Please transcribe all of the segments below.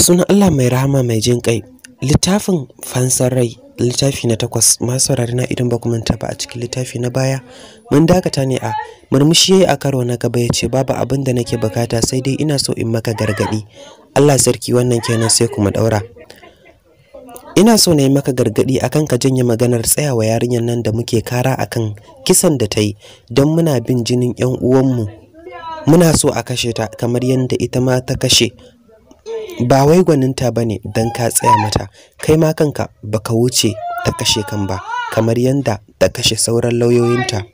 sunan Allah mai rahama mai jin kai littafin fansar rai littafi na takwas masu na idan ba manta ba a cikin littafi na baya mun dakata ne a murmushi yayi a karo na gaba yace babu abin da nake bukata sai dai ina so in maka gargadi Allah sarki wannan kenan sai kuma daura ina so na yi maka gargadi akan ka janye maganar tsayawa yarinyar nan da muke kara akan kisan da ta yi don muna bin jinin yan uwanmu muna so a kashe ta kamar yadda ita ma ta kashe ba wai gwaninta ba ne don ka tsaya mata kai ma kanka baka wuce ta kashe kan ba kamar yadda ta kashe sauran lauyoyinta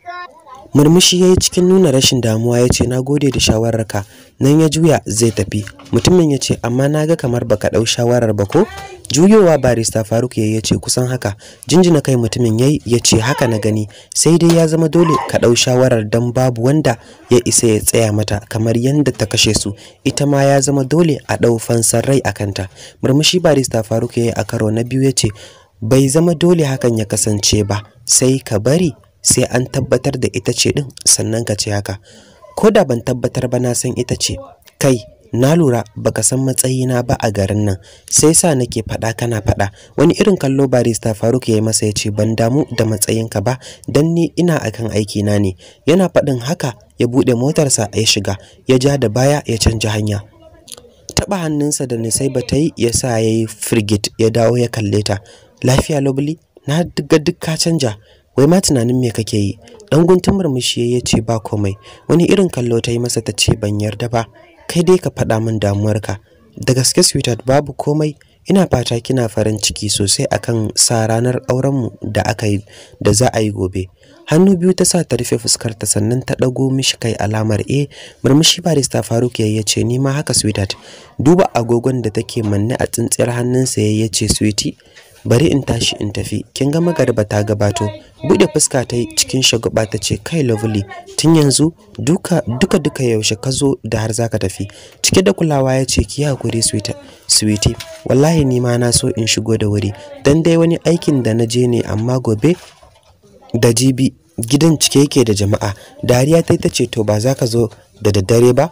murmushi ya yi cikin nuna rashin damuwa ya ce na gode da shawararka nan ya juya zai tafi mutumin ya ce amma na ga kamar baka ɗau shawarar ba ko juyowa barista faruk ya ce kusan haka jinjina kai mutumin ya yi ya ce haka na gani sai dai ya zama dole ka ɗau shawarar don babu wanda ya isa ya tsaya mata kamar yadda ta kashe su ita ma ya zama dole a ɗau fansar rai a kanta murmushi barista faruk ya yi a karo na biyu ya ce bai zama dole hakan ya kasance ba sai ka bari sai an tabbatar da ita ce din sannan ka ce haka ko da ban tabbatar ba na san ita ce kai na lura baka san matsayina ba a garin nan sai sa nake faɗa kana faɗa wani irin kallo barista Faruk yayi masa ya ce ban damu da matsayinka ba dan ni ina akan aiki na ne yana faɗin haka ya buɗe motarsa ya shiga ya ja da baya ya canja hanya taba hannunsa da ba ta yi ya sa yayi frigate ya dawo ya kalle ta lafiya lovely na ga duk ka canja wai ma tunanin me kake yi dan guntun murmushi ya ce ba komai wani irin kallo ta yi masa ta ce ban yarda ba kai dai ka faɗa min damuwarka da gaske sweetheart babu komai ina fata kina farin ciki sosai akan sa ranar aurenmu da aka yi da za a yi gobe hannu biyu ta sa ta rufe fuskarta sannan ta ɗago mishi kai alamar e murmushi barista faruk ya ce ni ma haka sweetheart duba agogon da take manne a tsintsiyar hannunsa ya ce sweetie bari in tashi in tafi kin ga magarba ta gabato bude fuska ta cikin shaguba ta ce kai lovely tun yanzu duka duka duka yaushe ka zo da har zaka tafi cike da kulawa ya ce ki hakuri sweetie wallahi ni ma na so in shigo da wuri dan dai wani aikin da na je ne amma gobe da jibi gidan cike yake da jama'a dariya ta ce to ba za ka zo da daddare ba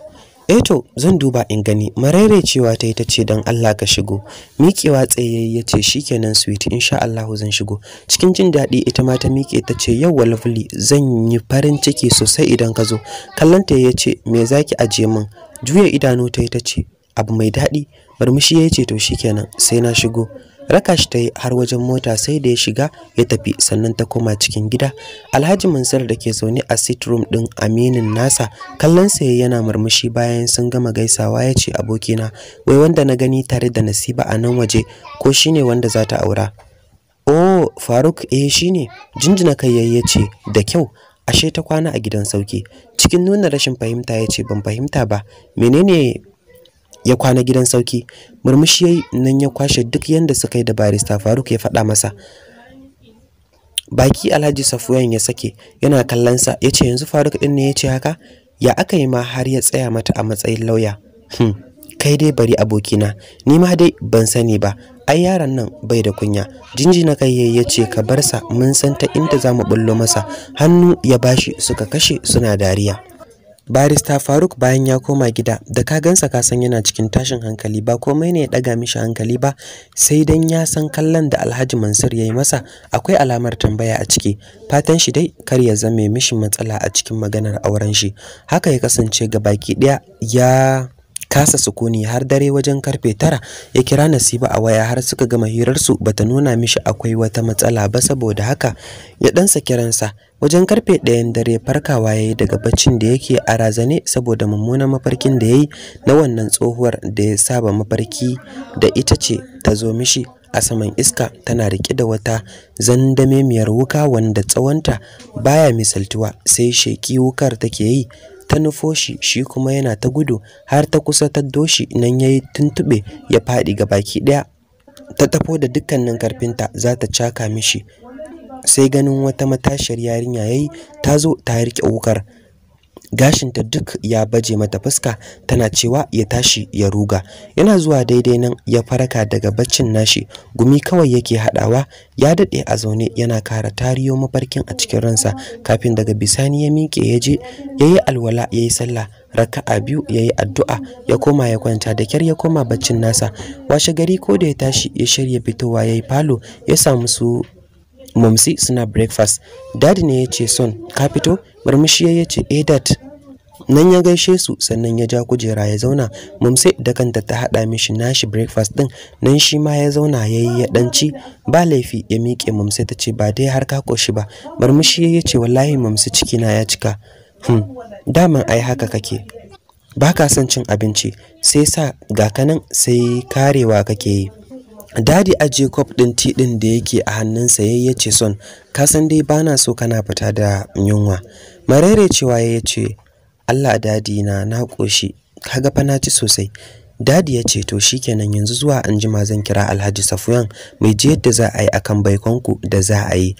Eto, eh zan duba in gani marere cewa ta yi ta ce don Allah ka shigo miƙewa tsayayye ya ce shikenan sweet insha Allah zan shigo cikin jin daɗi ita ma ta miƙe ta ce yau walafuli zan yi farin ciki sosai idan ka zo kallanta ya ce me zaki aje min juya idanu ta yi ta ce abu mai daɗi murmushi ya ce to shikenan sai na shigo raka shi ta yi har wajen mota sai da ya shiga ya tafi sannan ta koma cikin gida alhaji mansur da ke zaune a sit room din aminin nasa kallon sa yana murmushi bayan sun gama gaisawa ya ce abokina wai wanda na gani tare da nasiba a nan waje ko shine wanda za ta aura oh faruk eh shine jinjina kai ya ce da kyau ashe ta kwana a gidan sauki cikin nuna rashin fahimta ya ce ban fahimta ba menene ya kwana gidan sauki murmushi yayi nan ya kwashe duk yanda suka yi da barista Faruk ya faɗa masa baki Alhaji Safuwan ya sake yana kallon sa yace yanzu Faruk din ne yace haka ya aka yi ma har ya tsaya mata a matsayin lauya hmm. kai dai bari abokina ni ma dai ban sani ba ai yaron nan bai da kunya Jinji na kai yayi yace ka bar sa mun san ta inda zamu bullo masa hannu ya bashi suka kashe suna dariya barista faruk bayan ya koma gida da ka gansa ka san yana cikin tashin hankali ba komai ne ya ɗaga mishi hankali ba sai dan ya san kallon da alhaji mansur ya yi masa akwai alamar tambaya a ciki fatan shi dai kar ya zame mishi matsala a cikin maganar auren shi haka ya kasance ga baki ɗaya ya kasa sukuni har dare wajen karfe tara ya kira Nasiba a waya har suka gama hirar su bata nuna mishi akwai wata matsala ba saboda haka ya ɗansa kiransa wajen karfe ɗayan dare farkawa ya yi daga baccin da yake a razane saboda mummunan mafarkin da ya yi na wannan tsohuwar da ya saba mafarki da ita ce ta zo mishi a saman iska tana riƙe da wata zandamemiyar wuka wanda tsawonta baya misaltuwa sai sheki wukar take yi ta nufo shi shi kuma yana ta gudu har ta kusa ta doshi nan ya yi tuntuɓe ya faɗi ga baki ɗaya ta tafo da dukkanin karfinta za ta caka mishi sai ganin wata matashiyar yarinya yayi ta zo ta rike wukar gashinta duk ya baje mata fuska tana cewa ya tashi ya ruga yana zuwa daidai nan ya faraka daga baccin nashi gumi kawai yake hadawa ya dade a zaune yana kara tariyo mafarkin a cikin ransa kafin daga bisani ya miƙe ya je yayi alwala yayi sallah raka'a biyu yayi addu'a ya koma ya kwanta da kyar ya koma baccin nasa washe gari ko da ya tashi ya shirya fitowa yayi falo ya samu su mamsi suna breakfast dadi ne ya ce son ka fito murmushi ya ce eh dad nan ya gaishe su sannan ya ja kujera ya zauna mumsi da kanta ta hada mishi nashi breakfast din nan shi ma ya zauna yayi ya danci ba laifi ya miƙe mumsi ta ce ba dai har ka koshi ba murmushi ya ce wallahi mumse ciki na ya cika hmm daman ai haka kake ba ka son cin abinci sai sa ga kanan sai karewa kake yi dadi a jacob ɗin ti ɗin da yake a hannunsa yayi ya ce son 'Kasan san dai bana so kana fita da yunwa marere cewa ya ce Allah dadi na na koshi kaga fa na ci sosai dadi ya ce to shikenan yanzu zuwa anjima zan kira Alhaji Safuyan mai ji yadda za a yi akan baikonku da za a yi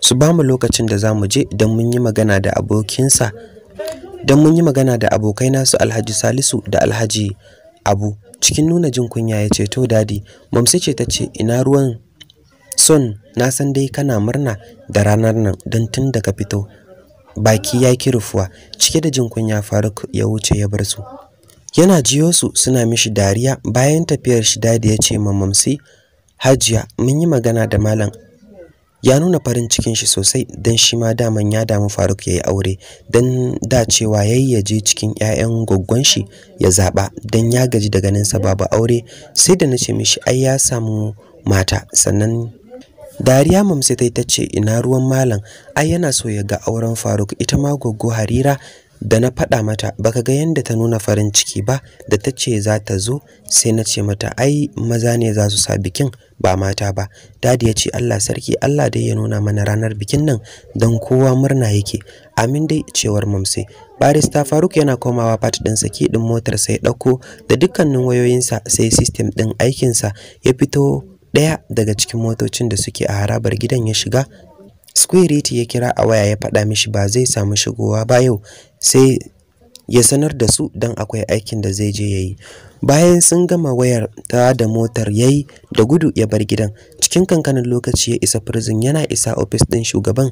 su ba mu lokacin da za mu je don mun yi magana da abokinsa don mun yi magana da abokaina su Alhaji Salisu da Alhaji Abu cikin nuna jin kunya ya ce to dadi mamsi ce ta ce ina ruwan son na san dai kana murna da ranar nan don tun daga fito baki ya ki rufuwa cike da jin kunya faruk ya wuce ya bar su yana jiyo su suna mishi dariya bayan tafiyar shi dadi ya ce ma mamsi hajiya mun yi magana da malam ya nuna farin cikin shi sosai dan shi ma daman ya damu Faruk yayi aure dan da cewa yayi yaje cikin ƴaƴan goggon shi ya zaba dan ya gaji da ganin sa babu aure sai da nace mishi ai ya samu mata sannan Dariya ta tai ce ina ruwan malam ai yana so ya ga auren Faruk ita ma goggo Harira da na faɗa mata baka ga yadda ta nuna farin ciki ba da ta ce za ta zo sai na ce mata ai maza ne za su sa bikin ba mata ba dadi ya ce Allah sarki Allah dai ya nuna mana ranar bikin nan don kowa murna yake amin dai cewar mamse barista faruk yana komawa fat din saki ke din motar sai dauko da dukkanin wayoyinsa sai system din aikinsa ya fito ɗaya daga cikin motocin da suke a harabar gidan ya shiga Squirity ya kira a waya ya faɗa mishi ba zai samu shigowa ba yau sai ya sanar da su don akwai aikin da zai je yayi. Bayan sun gama wayar ta da motar yayi da gudu ya bar gidan. Cikin kankanin lokaci ya isa prison yana isa ofis ɗin shugaban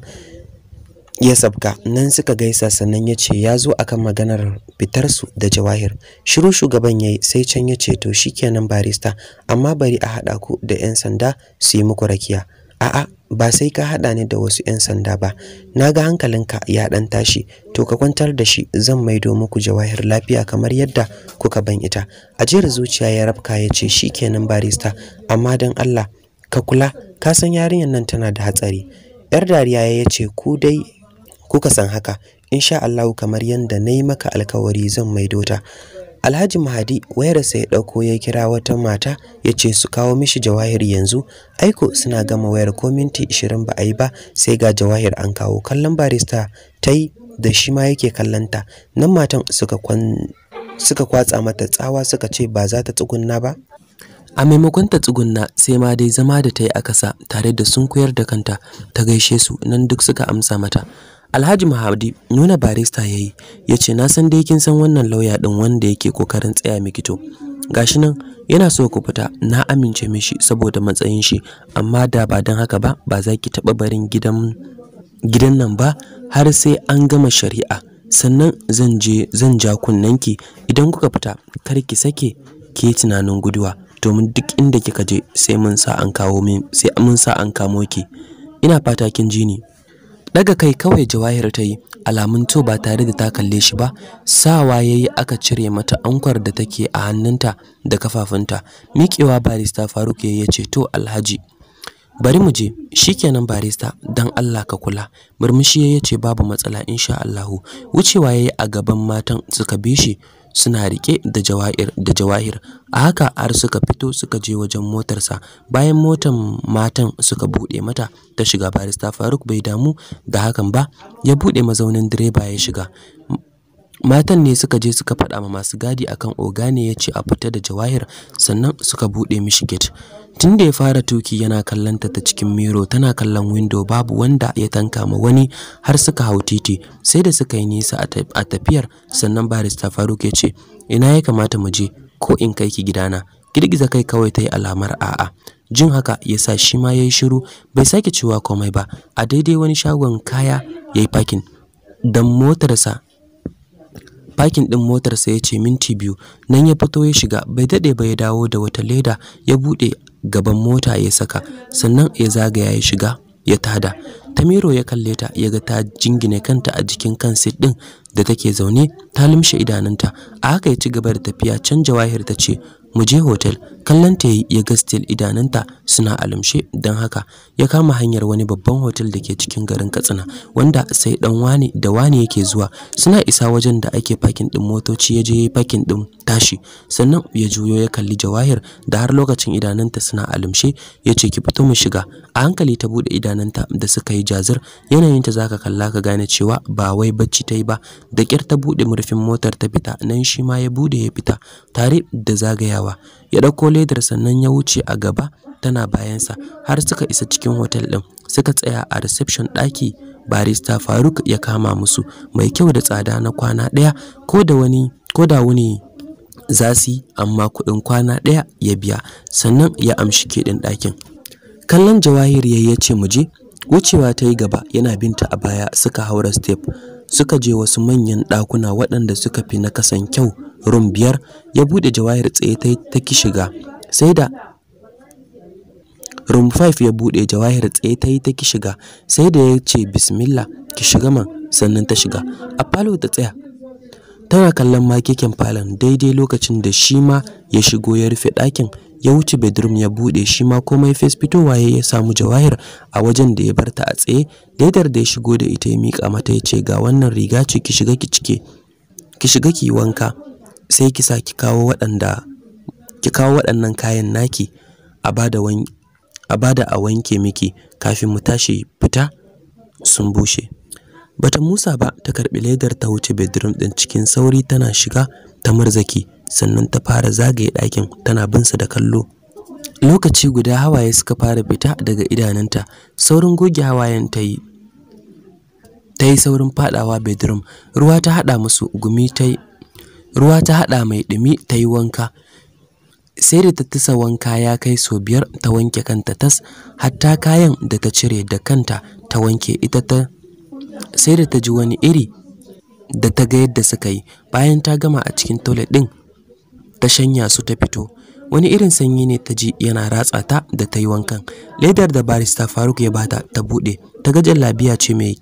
ya sabka nan suka gaisa sannan ya ce ya zo akan maganar fitarsu da jawahir shiru shugaban ya yi sai can ya ce to shikenan barista amma bari a haɗa ku da 'yan sanda su yi muku rakiya a'a ba sai ka haɗa ni da wasu 'yan sanda ba Na ga hankalinka ya ɗan tashi to ka kwantar da shi zan maido muku jawahir lafiya kamar yadda kuka ban ita ajiyar zuciya ya rafka ya ce shi kenan barista amma dan Allah ka kula ka san yarinyar nan tana da hatsari yar dariya ya ce ku dai kuka san haka insha Allah kamar yadda na yi maka alkawari zan maido ta Alhaji Mahadi wayarsa ya dauko ya kira wata mata ya ce su kawo mishi jawahir yanzu aiko suna gama wayar ko minti 20 ba a yi ba sai ga jawahir an kawo kallon barista ta da shi ma yake kallonta nan matan suka kwan suka kwatsa mata tsawa suka ce ba za ta tsugunna ba a maimakon ta tsugunna sai ma dai zama da ta yi a tare da sun sunkuyar da kanta ta gaishe su nan duk suka amsa mata Alhaji Mahadi nuna barista yayi yace na san dai kin san wannan lauya din wanda yake kokarin tsaya miki to gashi nan yana so ku fita na amince mishi saboda matsayin shi amma da ba dan haka ba ba za ki taba barin gidan gidan nan ba har sai an gama shari'a sannan zan je zan ja kunnanki idan kuka fita kar ki sake ke tunanin guduwa domin duk inda kika je sai mun sa an kawo min sai mun sa an kamo ki ina fata kin ji ni Daga kai kawai Jawahir ta yi, alamun to ba tare da ta kalle shi ba, sawa yayi aka cire mata ankwar da take a hannunta da kafafunta. Miƙewa barista Faruk ya ce to Alhaji. Bari mu je, shikenan barista, dan Allah ka kula. Murmushi ya ce babu matsala insha Allahu. Wucewa yayi a gaban matan suka bi shi. suna rike da jawahir da jawahir a haka har suka fito suka je wajen motarsa bayan motar matan suka buɗe mata ta shiga barista Faruk bai damu da hakan ba ya buɗe mazaunin direba ya shiga Matan ne suka je suka faɗa ma masu gadi akan oga ne ya ce a fita da Jawahir sannan suka buɗe mishi gate. Tun da ya fara tuki yana kallonta ta cikin miro tana kallon window babu wanda ya tanka ma wani har suka hau titi sai da suka yi nisa a tafiyar sannan barista Faruk ya ce ina ya kamata mu je ko in kai ki gidana girgiza kai kawai ta yi alamar a'a jin haka ya sa shi ma ya yi shiru bai sake cewa komai ba a daidai wani shagon kaya ya yi fakin don motarsa Fakin ɗin motarsa ya ce minti biyu, nan ya fito ya shiga, bai daɗe ba ya dawo da wata leda ya buɗe gaban mota ya saka, sannan ya zaga ya shiga ya tada. Tamiro ya kalle ta ya ga ta jingine kanta a jikin kan sit ɗin da take zaune ta limshe idanunta. A haka ya ci gaba da tafiya can Jawahir ta ce, mu je hotel kallon ta ya ga still idananta suna alamshe don haka ya kama hanyar wani babban hotel da ke cikin garin katsina wanda sai dan wani da wani yake zuwa suna isa wajen da ake parking din motoci ya je parking din tashi sannan ya juyo ya kalli jawahir da har lokacin idananta suna alamshe ya ce ki fito mu shiga a hankali ta bude idananta da suka yi jazir yanayinta zaka kalla ka gane cewa ba wai bacci ta yi ba da kyar ta bude murfin motar ta fita nan shi ma ya bude ya fita tare da zagayawa ya dauko ledar sannan ya wuce a gaba tana bayansa har suka isa cikin hotel ɗin suka tsaya a reception ɗaki barista Faruk ya kama musu mai kyau da tsada na kwana ɗaya ko da wani ko da wuni za amma kuɗin kwana ɗaya ya biya sannan ya amshi keɗin ɗakin kallon jawahir ya ce mu je wucewa ta yi gaba yana binta a baya suka haura step suka je wasu manyan ɗakuna waɗanda suka fi na kasan kyau rum biyar ya buɗe jawahir tsaye ta ki shiga sai da rum 5 ya buɗe jawahir tsaye ta yi ta ki shiga sai da ya ce bismillah ki shiga man sannan ta shiga a falo ta tsaya tana kallon makekin falon daidai lokacin da shi ma ya shigo ya rufe ɗakin ya wuce bedroom ya bude shi ma komai face fitowa ya samu jawahir a wajen da ya barta a tsaye ledar da ya shigo da ita ya mika mata yace ga wannan riga ce ki shiga ki cike ki shiga ki wanka sai ki sa ki kawo waɗanda ki kawo waɗannan kayan naki a bada a bada a wanke miki kafin mu tashi fita sun bushe bata musa ba ta karbi ledar ta wuce bedroom din cikin sauri tana shiga ta marzaki sannan ta fara zagaye ɗakin tana bin sa da kallo lokaci guda hawaye suka fara fita daga idanunta saurin goge hawayen ta yi ta yi saurin fadawa bedroom ruwa ta hada musu gumi ta yi. ruwa ta hada mai dumi ta yi wanka sai da ta tisa wanka ya kai so biyar ta wanke kanta tas hatta kayan da ta cire da kanta ta wanke ita ta sai da ta ji wani iri da ta ga yadda suka yi bayan ta gama a cikin toilet din ta shanya su ta fito wani irin sanyi ne ta ji yana ratsa ta da ta yi wankan ledar da barista faruk ya bata ta buɗe ta gajan labiya ce mai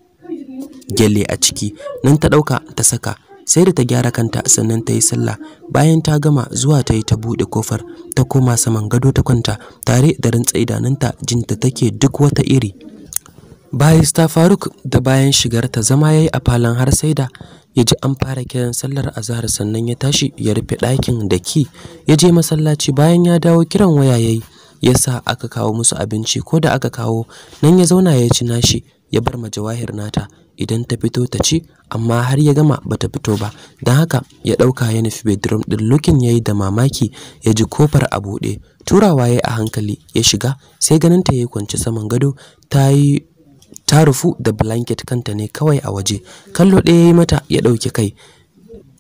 gyalle a ciki nan ta ɗauka ta saka sai da ta gyara kanta sannan ta yi sallah bayan ta gama zuwa ta yi ta buɗe kofar ta koma saman gado ta kwanta tare da rantsa idanunta jinta take duk wata iri barista faruk da bayan shigar ta zama yayi a falon har sai da ya ji an fara kiran sallar azahar sannan ya tashi ya rufe ɗakin da ki ya je masallaci bayan ya dawo kiran waya yayi ya sa aka kawo musu abinci ko da aka kawo nan ya zauna ya ci nashi ya bar majawahir nata idan ta fito ta ci amma har ya gama bata fito ba don haka ya ɗauka ya nufi bedroom ɗin lukin ya yi da mamaki ya ji kofar a buɗe turawa ya a hankali ya shiga sai ganin ta ya kwanci saman gado ta yi ta rufu da blanket kanta ne kawai a waje kallo ɗaya ya mata ya ɗauki kai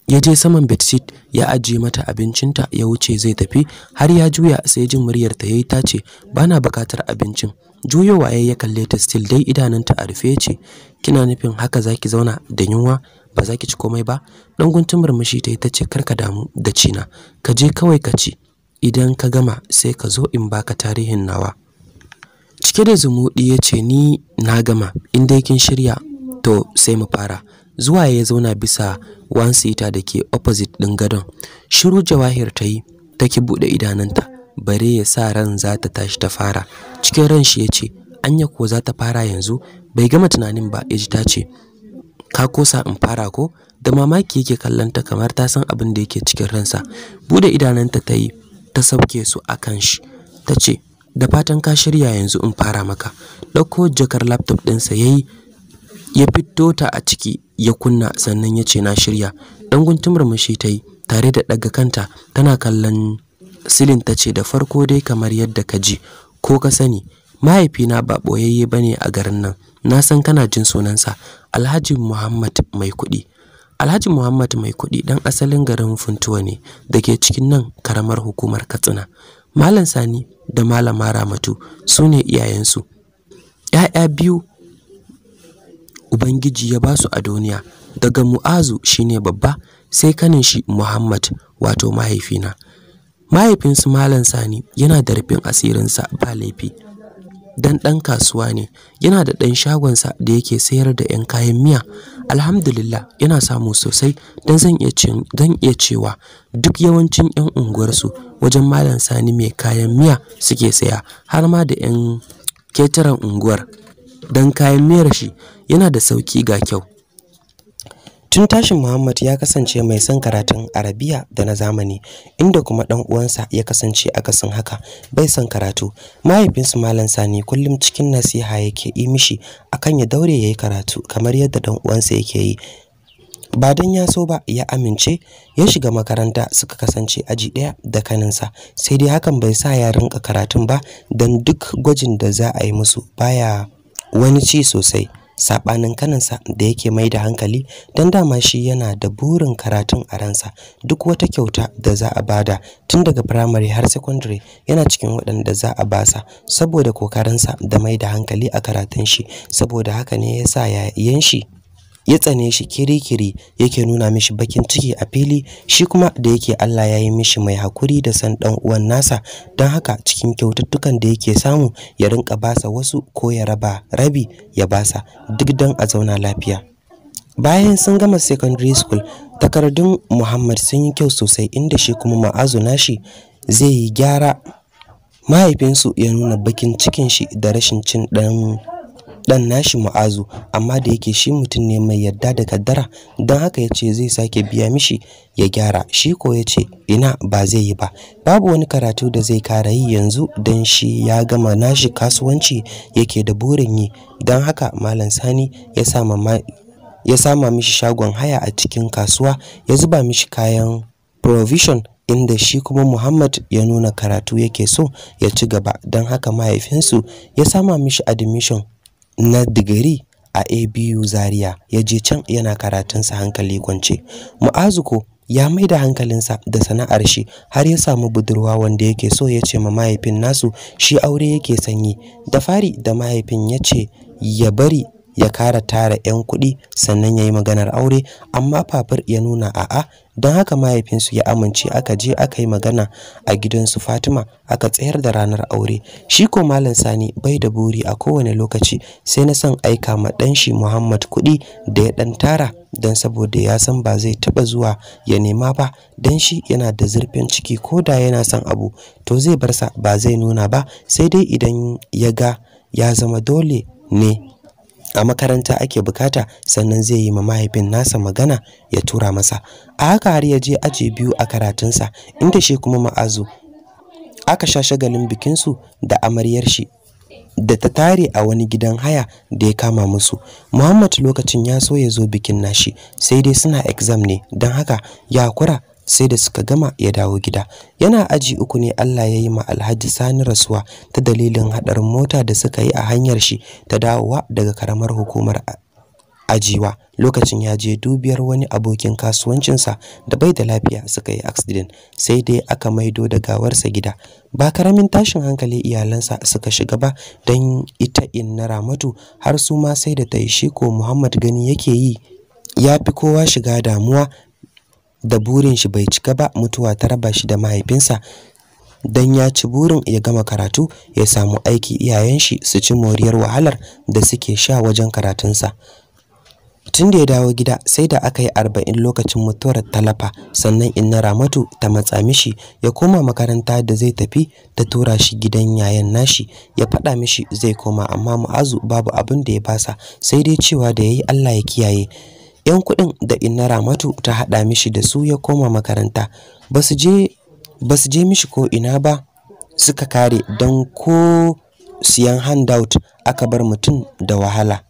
ya je saman bedsheet ya ajiye mata abincinta ya wuce zai tafi har ya juya sai jin muryar ta yayi tace bana buƙatar abincin juyowa yayi ya kalle ta still dai idananta a rufe ce kina nufin haka zaki zauna da yunwa ba zaki ci komai ba dan guntun murmushi ta yi tace karka damu da cina ka je kawai ka ci idan ka gama sai ka zo in baka tarihin nawa cike da zumuɗi ya ce ni na gama in dai kin shirya to sai mu fara zuwa ya zauna bisa one seater da ke opposite ɗin gadon shiru jawahir ta yi ta take buɗe idananta, bare ya sa ran za ta tashi ta fara cikin ran shi ya ce anya ko za ta fara yanzu bai gama tunanin ba ya ji ta ce ka kosa in fara ko da mamaki yake kallanta kamar ta san abin da yake cikin ransa bude idananta ta yi ta sauke su akan shi ta ce da fatan ka shirya yanzu in fara maka ɗauko jakar laptop ɗinsa ya yi ya fito ta a ciki ya kunna sannan ya ce na shirya ɗan guntun murmushi ta yi tare da ɗaga kanta tana kallon silin ta ce da farko dai kamar yadda ka ji ko ka sani mahaifina ba ɓoyayye ba ne a garin nan na san kana jin sunansa alhaji muhammad mai kuɗi alhaji muhammad mai kuɗi ɗan asalin garin funtuwa ne da ke cikin nan karamar hukumar katsina Malam Sani da Malama Ramatu su ne iyayensu. ‘Ya'ya biyu Ubangiji ya ba su a duniya, daga Mu'azu shi ne babba, sai kanin shi Muhammad wato mahaifina. Mahaifinsu Malam Sani yana da rufin asirinsa ba laifi. dan ɗan kasuwa ne yana da ɗan shagonsa da yake sayar da 'yan kayan miya alhamdulillah yana samu sosai dan zan iya dan iya cewa duk yawancin 'yan unguwarsu wajen malam sani mai kayan miya suke saya har ma da 'yan ketaren unguwar dan kayan miyar shi yana da sauki ga kyau Tun tashin Muhammad ya kasance mai son karatun Arabiya da na zamani, inda kuma ɗan uwansa ya kasance akasin haka bai son karatu. Mahaifinsu Malam Sani kullum cikin nasiha yake yi mishi akan ya daure yayi karatu kamar yadda ɗan uwansa yake yi. Ba dan ya so ba ya amince ya shiga makaranta suka kasance aji ɗaya da kaninsa sai dai hakan bai sa ya rinka karatun ba dan duk gwajin da za a yi musu baya wani ci sosai. sabanin kaninsa da yake mai da hankali don dama shi yana da burin karatun a ransa duk wata kyauta da za a bada tun daga primary har secondary yana cikin waɗanda za a basa saboda kokarinsa da mai da hankali a karatun shi saboda haka ne ya sa yayan shi ya tsane shi kirikiri yake nuna mishi bakin ciki a fili shi kuma da yake Allah ya yi mishi mai hakuri da san dan uwan nasa don haka cikin kyaututtukan da yake samu ya rinka basa wasu ko ya raba rabi ya basa duk don a zauna lafiya bayan sun gama secondary school takardun Muhammad sun yi kyau sosai inda shi kuma ma'azu nashi zai yi gyara mahaifinsu ya nuna bakin cikin shi da rashin cin dan ɗan nashi Mu'azu amma da yake shi mutum ne mai yarda da kaddara don haka yace zai sake biya mishi ya gyara shi ko yace ina ba zai yi ba babu wani karatu da zai kara yi yanzu don shi ya gama nashi kasuwanci yake da burin yi don haka Malam Sani ya sama ya sama mishi shagon haya a cikin kasuwa ya zuba mishi kayan provision inda shi kuma Muhammad ya nuna karatu yake so ya ci gaba don haka mahaifinsu ya sama mishi admission na digiri a ABU Zaria ya je can yana karatunsa hankali kwance. Mu'azu ya mai da hankalinsa da sana'ar shi har ya samu budurwa wanda yake so ya ce ma mahaifin nasu shi aure yake sanyi da fari da mahaifin ya ce ya bari ya kara tara 'yan kuɗi sannan ya yi maganar aure amma fafir ya nuna a'a don haka mahaifinsu ya amince aka je aka yi magana a gidansu fatima aka tsayar da ranar aure shi ko malam sani bai da buri a kowane lokaci sai na son aika ma ɗan shi muhammad kuɗi da ya ɗan tara don saboda ya san ba zai taba zuwa ya nema ba dan shi yana da zurfin ciki ko da yana son abu to zai barsa ba zai nuna ba sai dai idan ya ga ya zama dole ne a makaranta ake bukata sannan zai yi ma mahaifin nasa magana ya tura masa a haka har ya je aji biyu a karatunsa inda shi kuma ma'azu aka sha shagalin bikinsu da amaryar shi da ta tare a wani gidan haya da ya kama musu Muhammad lokacin ya so ya zo bikin nashi sai dai suna exam ne don haka ya kura. sai da suka gama ya dawo gida yana aji uku ne Allah ya yi ma Alhaji Sani rasuwa ta dalilin hadarin mota da suka yi a hanyar shi ta dawowa daga karamar hukumar ajiwa lokacin ya je dubiyar wani abokin kasuwancinsa da bai da lafiya suka yi accident sai dai aka maido da gawarsa gida ba karamin tashin hankali iyalansa suka shiga ba don ita inna ramatu har su ma sai da ta yi shiko muhammad gani yake yi ya fi kowa shiga damuwa da burin shi bai cika ba mutuwa ta raba shi da mahaifinsa dan ya ci burin ya gama karatu ya samu aiki iyayen shi su ci moriyar wahalar da suke sha wajen karatunsa tun da ya dawo gida sai da aka yi arba'in lokacin mutuwar talafa sannan inna ramatu ta matsa mishi ya koma makaranta da zai tafi ta tura shi gidan yayan nashi ya faɗa mishi zai koma amma mu'azu babu abin da ya fasa sai dai cewa da ya yi allah ya kiyaye 'yan kuɗin da inna ramatu ta haɗa mishi da su ya koma makaranta ba su je mishi ko ina ba suka kare don ko siyan handout aka bar mutum da wahala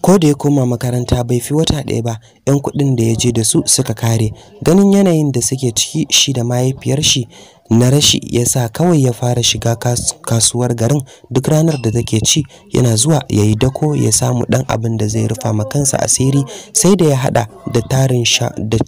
ko da ya koma makaranta bai fi wata ɗaya ba 'yan kuɗin da ya je da su suka kare ganin yanayin da suke ciki shi da mahaifiyar shi na rashi ya sa kawai ya fara shiga kasuwar garin duk ranar da take ci yana zuwa yayi dako ya samu ɗan abin da zai rufa ma kansa asiri sai da ya haɗa da tarin sha da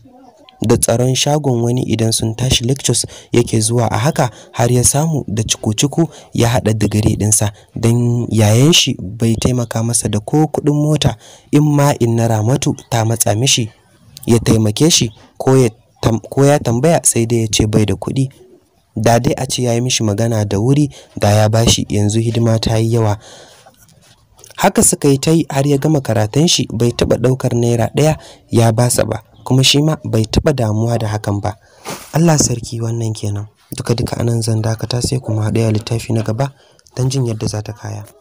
da tsaron shagon wani idan sun tashi lectures yake zuwa a haka har ya samu da ciku-ciku ya haɗa digiri ɗinsa don yayan shi bai taimaka masa da ko kuɗin mota in ma in na ramatu ta matsa mishi ya taimake shi ko ya tambaya sai dai ya ce bai da kuɗi da dai a ce ya yi mishi magana da wuri da ya bashi yanzu hidima ta yi yawa haka suka yi ta yi har ya gama karatun shi bai taba ɗaukar naira ɗaya ya basa ba kuma shi ma bai taɓa damuwa da hakan ba Allah sarki wannan kenan duka duka anan zan dakata sai kuma haɗaya littafi na gaba don jin yadda za ta kaya